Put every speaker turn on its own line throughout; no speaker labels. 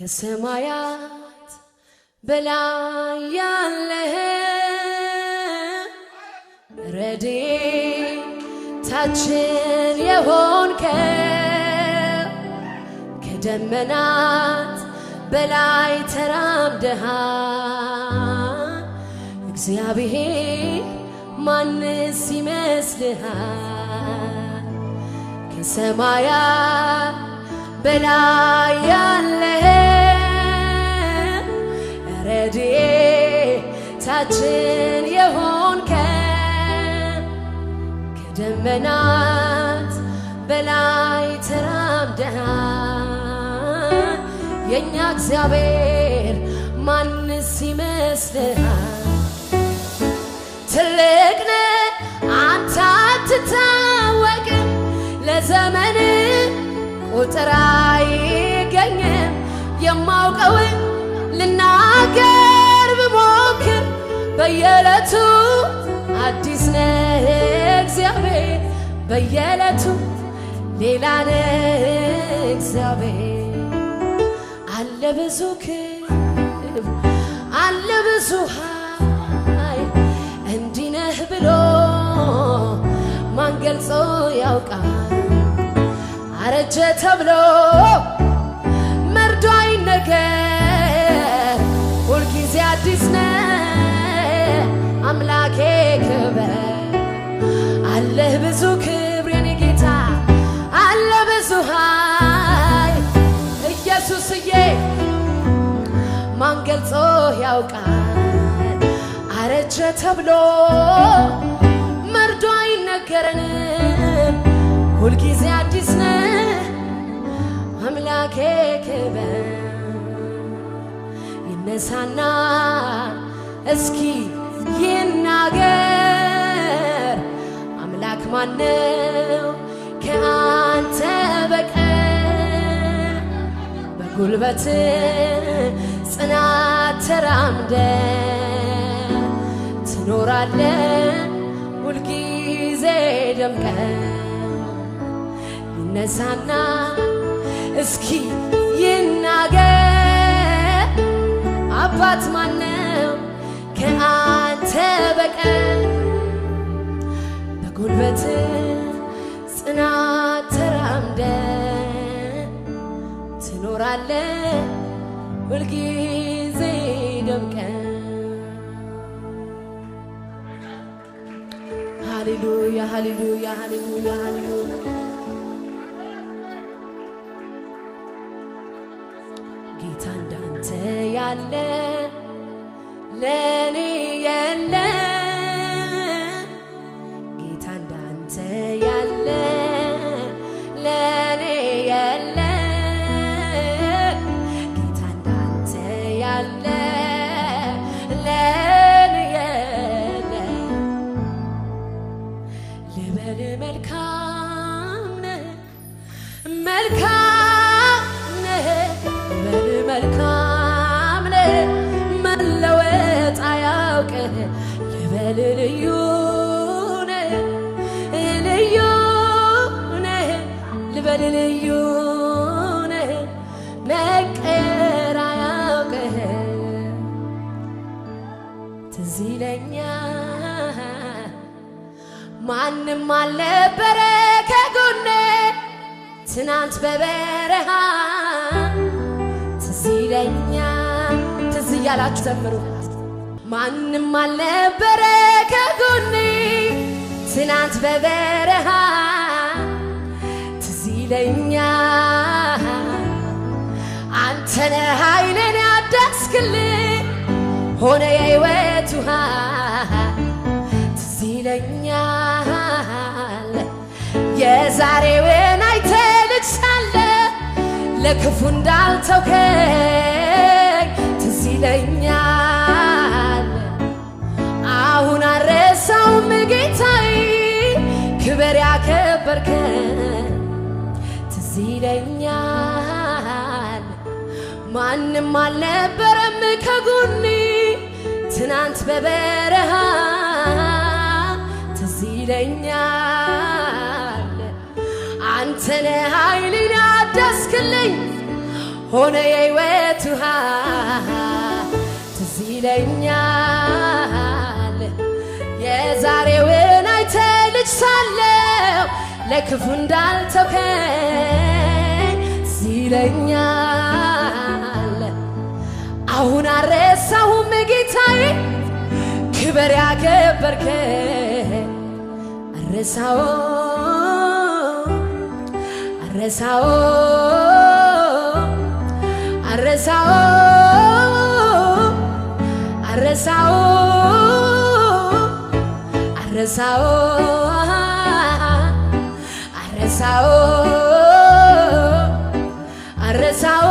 ከሰማያት በላይ ያለህ ረድኤታችን የሆንከው ከደመናት በላይ ተራምደሃል እግዚአብሔር ማንስ ይመስልሃል ከሰማያት በላይ ያለህ ደስታችን የሆንከን ከደመናት በላይ ተራምደሃል። የእኛ እግዚአብሔር ማንስ ይመስልሃል? ትልቅ ነህ አንተ አትታወቅም፣ ለዘመን ቁጥር አይገኝም። የማውቀውን ልናገር በየዕለቱ አዲስ ነህ እግዚአብሔር በየዕለቱ ሌላ ነህ እግዚአብሔር አለ ብዙ ክብ አለ ብዙ ኃይ እንዲህ ነህ ብሎ ማን ገልጾ ያውቃል አረጀ ተብሎ አምላኬ ክብር አለህ ብዙ ክብር የኔ ጌታ አለ ብዙ ኃይል ኢየሱስዬ ማን ገልጾ ያውቃል አረጀ ተብሎ መርዶ አይነገረንም ሁልጊዜ አዲስ ነ አምላኬ ክብር ይነሳና እስኪ ይናገር አምላክ ማነው ከአንተ በቀር በጉልበት ጽናት ተራምደ ትኖራለ ሁልጊዜ ደምቀ ይነሳና እስኪ ይናገር አባት ማን በጉልበት ጽናት ተራምደ ትኖራለ ሁልጊዜ ደምቀ ሃሌሉያ ሃሌሉያ ሃሌሉያ ሃሌሉያ ጌታ እንዳንተ ያለ ትዝ ይለኛል ማንም አልነበረ ከጎኔ ትናንት በበረሃ ትዝ ይለኛል ትዝ እያላችሁ ዘምሩ። ማንም አልነበረ ከጎኔ ትናንት በበረሃ ትዝ ይለኛል አንተነ ኃይሌን ሆነ የህይወት ውሃ ትዝ ይለኛል የዛሬውን አይተህ ልጅ ሳለህ ለክፉ እንዳልተውከኝ ትዝ ይለኛል አሁን አልረሳውም ጌታዬ ክብር ያከበርከኝ ትዝ ይለኛል ማንም አልነበረም ከጎኔ ትናንት በበረሃ ትዝ ይለኛል አንተነ ኃይልን ያደስክልኝ ሆነ የሕይወት ውሃ ትዝ ይለኛል የዛሬውን አይተ ልጅ ሳለው ለክፉ እንዳልተውከ ትዝ ይለኛል አሁን አረ ክብር ያከበርከ አረሳው አረሳው አረሳው አረሳው አረሳው አረሳው አረሳው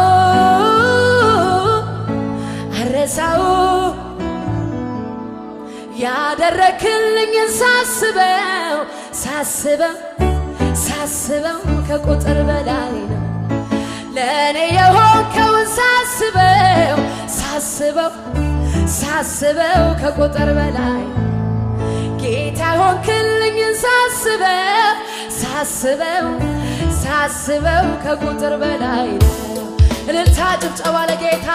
ያደረክልኝን ሳስበው ሳስበው ሳስበው ከቁጥር በላይ ነው ለእኔ የሆንከውን ሳስበው ሳስበው ሳስበው ከቁጥር በላይ ጌታ ሆንክልኝን ሳስበው ሳስበው ሳስበው ከቁጥር በላይ ነው እልልታ ጭብጨባ ለጌታ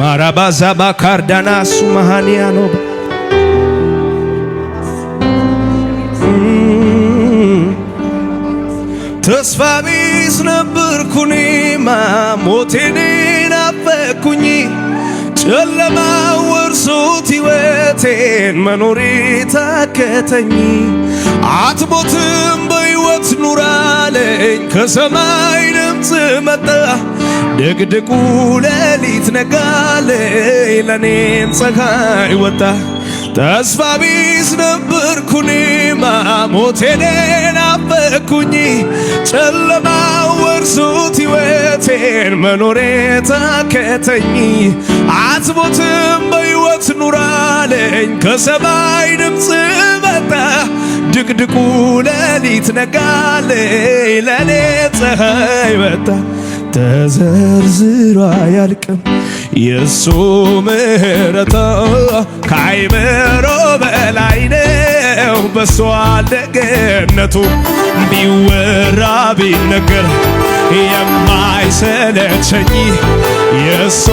ማራባዛባ ካርዳናሱ መሃንያ ነው ተስፋ ቢስ ነበርኩኔማ ሞቴኔን አፈኩኝ ጨለማ ወርሶት ሕይወቴን መኖሬ ታከተኝ። አትሞትም በሕይወት ኑራለኝ ከሰማይ ድምፅ መጣ ድቅድቁ ሌሊት ነጋለ ለኔም ፀሐይ ወጣ ተስፋ ቢስ ነበርኩኔማ ሞቴን ናፈቅኩኝ ጨለማ ወርሶት ሕይወቴን መኖሬ ታከተኝ አትሞትም በሕይወት ኑራለኝ ከሰማይ ድምፅ መጣ ድቅድቁ ሌሊት ነጋለ ለኔ ፀሐይ ወጣ ተዘርዝሮ አያልቅም የእሱ ምሕረት ከአይምሮ በላይ ነው። በሷ ደግነቱ ቢወራ ቢነገር የማይሰለቸኝ የእሱ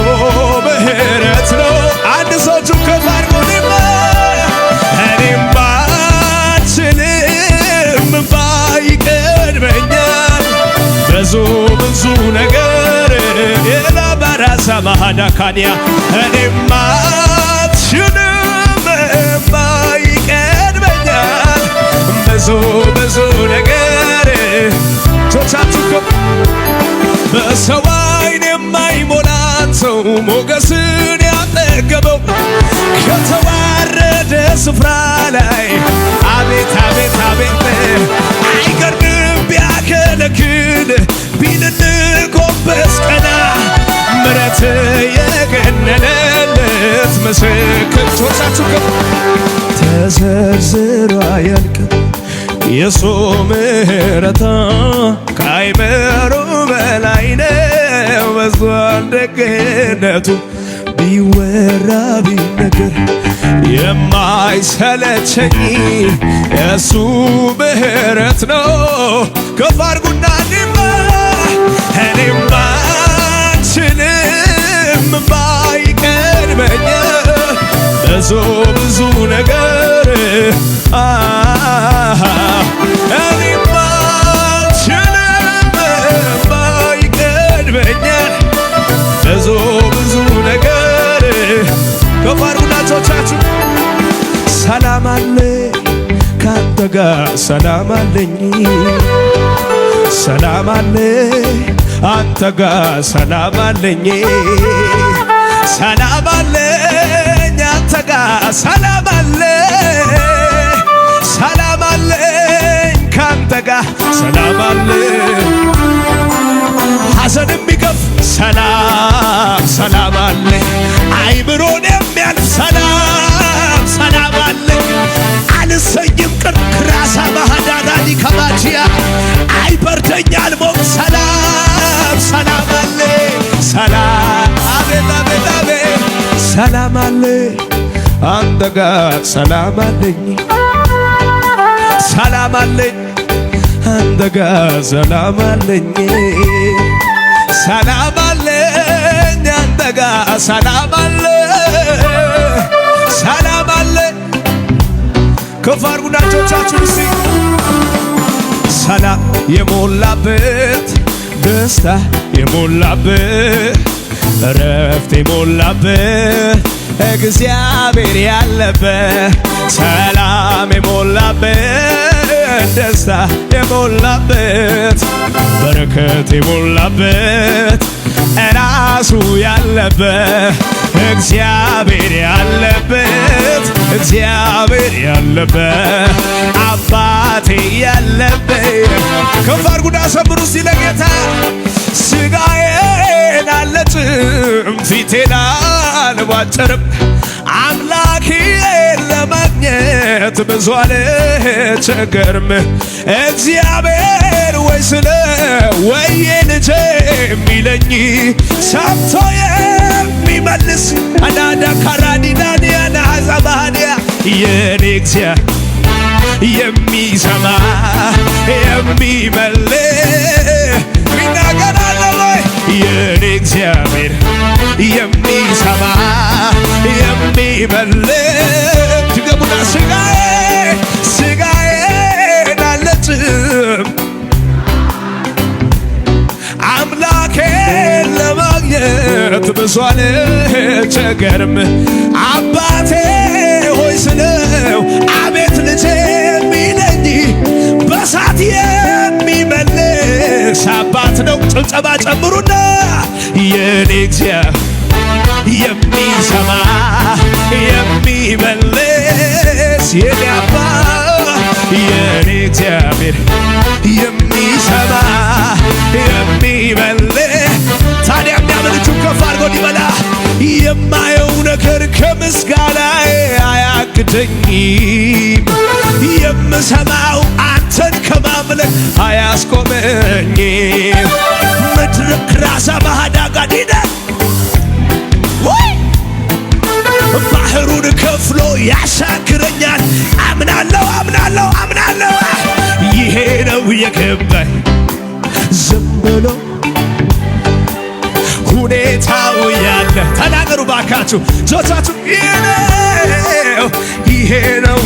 ምሕረት ማሃዳ ካዲያ እኔማ አልችልም ይቀድመኛል ብዙ ብዙ ነገር ጆቻችሁ ከ በሰው ዓይን የማይሞላን ሰው ሞገስን ያጠገበው ከተዋረደ ስፍራ ላይ አቤት አቤት አቤት አይገርም ቢያከለክል ምስክር ሶርሳችሁ ገቡ ተዘርዝሮ አያልቅም የሱ ምሕረቱ ከአይምሮ በላይ ነው። ደግነቱ ቢወራ ቢነገር የማይሰለቸኝ የሱ ነው። ከፍ አድርጉና እኔማ አልችልም ብዙ ብዙ ነገር እኔማ ብዙ ብዙ ነገር ሰላም አለ ካንተ ጋር ሰላም አለኝ ሰላም አለ አንተ ጋር ሰላም አለኝ ሰላም አለ ካንተ ጋር ሰላም አለ ሰላም አለ ካንተ ጋር ሰላም አለኝ ሐዘንም ሰላም ሰላም አይምሮ ካንተ ጋር ሰላም አለኝ ሰላም አለኝ አንተ ጋር ሰላም አለኝ ሰላም አለኝ አንተ ጋር ሰላም አለ ሰላም አለ ከፍ አድርጉና ሰላም የሞላበት ደስታ የሞላበት እረፍት የሞላብህ እግዚአብሔር ያለበ ሰላም የሞላብህ ደስታ የሞላበት በረከት የሞላበት ራሱ ያለበት እግዚአብሔር ያለበት እግዚአብሔር ያለበት አባቴ ያለበት ከፍ አድርጉና ሰብሩ ሲለጌታ ስጋ አልችልም ፊቴን አልቧጭርም አምላኬን ለማግኘት ብዙ አልቸገርም። እግዚአብሔር ወይ ስለ ወየ ልጄ የሚለኝ ሰምቶ የሚመልስ አዳዳ ካራዲዳንያ የኔ የሚሰማ የሚመልስ የኔ እግዚአብሔር የሚሰማ የሚመልስ ትገቡና ስጋዬ ስጋዬን አልነጥም አምላኬን ለማግኘት ብዙ አልቸገርም። አባቴ ሆይ ስለው አቤት ልጄ የሚለኝ በሳት የሚመልስ አባት ነው። ጭብጨባ ጨምሩና የኔ እግዚአብሔር የሚሰማ የሚመልስ የኔ የኔ እግዚአብሔር የሚሰማ የሚመልስ ታዲያ የሚያመልቹ ከፍ አድርጎ ሊበላ የማየው ነገር ከምስጋናዬ አያግደኝም የምሰማው አንተን ከማምለክ አያስቆመኝ ምድር ራሳ ባህዳ ጋዲነ ባህሩን ከፍሎ ያሻግረኛል። አምናለሁ አምናለሁ አምናለሁ ይሄ ነው የገባኝ ዝም ብሎ ሁኔታው ያለ ተናገሩ ባካችሁ ዞታችሁ ይሄ ነው ይሄ ነው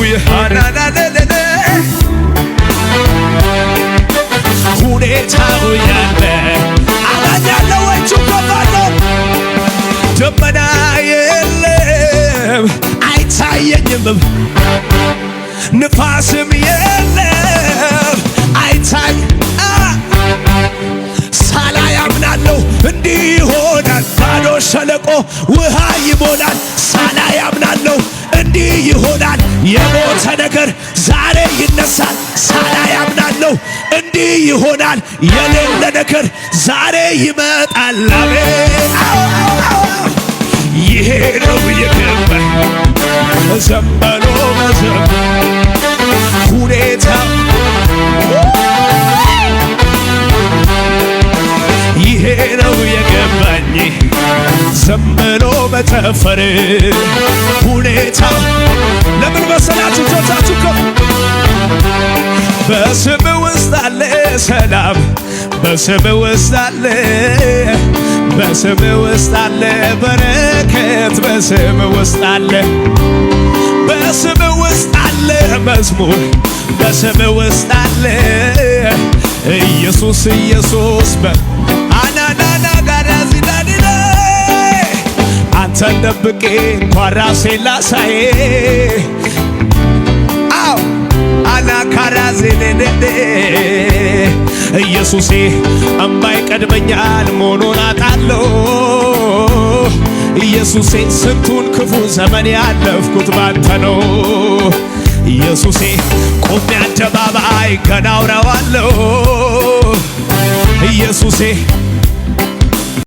አይታየኝም አይታየኝም ንፋስም የለም አይታይ ሳላይ አምናለሁ እንዲህ ይሆናል። ባዶ ሸለቆ ውሃ ይሞላል። ሳላይ አምናለሁ እንዲህ ይሆናል። የሞተ ነገር ዛሬ ይነሳል። ሳላይ አምናለሁ እንዲህ ይሆናል። የሌለ ነገር ዛሬ ይመጣል። አሜን ዘመኑ ሁኔታ ይሄ ነው የገባኝ ዘመኖ መጨፈር ሁኔታ ለምን መሰላችሁ? ጆቻችሁ እኮ በስም ውስጥ አለ ሰላም፣ በስም ውስጥ አለ በስም ውስጥ አለ በረከት፣ በስም ውስጥ አለ በስም ውስጥ አለ መዝሙር፣ በስም ውስጥ አለ ኢየሱስ ኢየሱስ በአናናናጋዳዚዳዲዳ አንተን ደብቄ እንኳ ራሴ ላሳዬ አው አናካራዜኔኔኔ ኢየሱሴ እምባይ ቀድመኛል መሆኑን አጣለሁ ኢየሱሴ ስንቱን ክፉ ዘመን ያለፍኩት ባንተ ነው ኢየሱሴ ቆሜ አደባባይ ገና አውራዋለሁ ኢየሱሴ